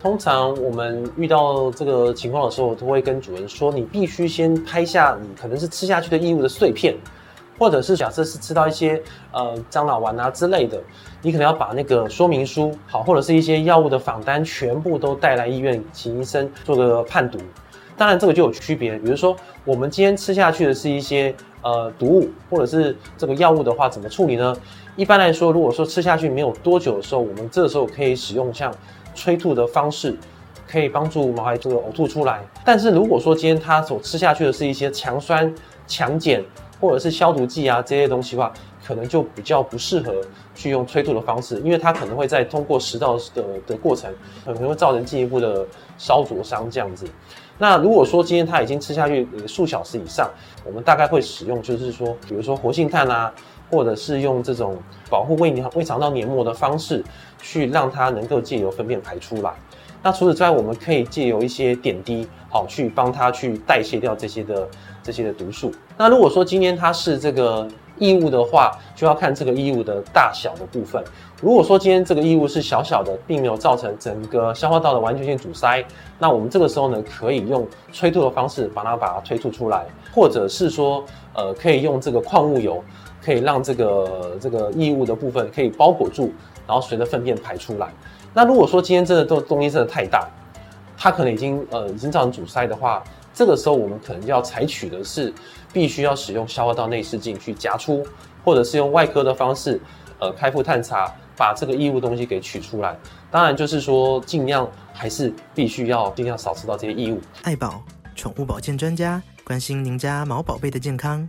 通常我們遇到這個情況的時候，都會跟主人說：“你必須先拍下你可能是吃下去的異物的碎片，或者是假設是吃到一些呃樟腦丸啊之類的，你可能要把那個說明書好，或者是一些藥物的仿單全部都帶來醫院，請醫生做個判讀。當然這個就有區別，比如說我們今天吃下去的是一些呃毒物或者是這個藥物的話，怎麼處理呢？一般來說，如果說吃下去沒有多久的時候，我們這時候可以使用像。催吐的方式可以幫助毛孩子嘔吐出來，但是如果說今天他所吃下去的是一些強酸、強鹼或者是消毒劑啊這些東西的話，可能就比較不適合去用催吐的方式，因為它可能會在通過食道的的過程，可能會造成進一步的燒灼傷這樣子。那如果說今天他已經吃下去數小時以上，我們大概會使用，就是說，比如說活性炭啊，或者是用這種保護胃胃腸道黏膜的方式，去讓它能夠借由糞便排出來。那除此之外，我們可以借由一些點滴，好去幫它去代謝掉這些的這些的毒素。那如果說今天它是這個。異物的話，就要看這個異物的大小的部分。如果說今天這個異物是小小的，並沒有造成整個消化道的完全性阻塞，那我們這個時候呢，可以用催吐的方式把它把它催吐出來，或者是說，呃，可以用這個礦物油，可以讓這個這個異物的部分可以包裹住，然後隨着糞便排出來。那如果說今天這個東東西真的太大，它可能已經呃已經造成阻塞的話，這個時候，我們可能要採取的是，必須要使用消化道內視鏡去夾出，或者是用外科的方式，呃，開腹探查，把這個異物東西給取出來。當然，就是說，儘量還是必須要儘量少吃到這些異物。愛寶寵物保健專家關心您家毛寶貝的健康。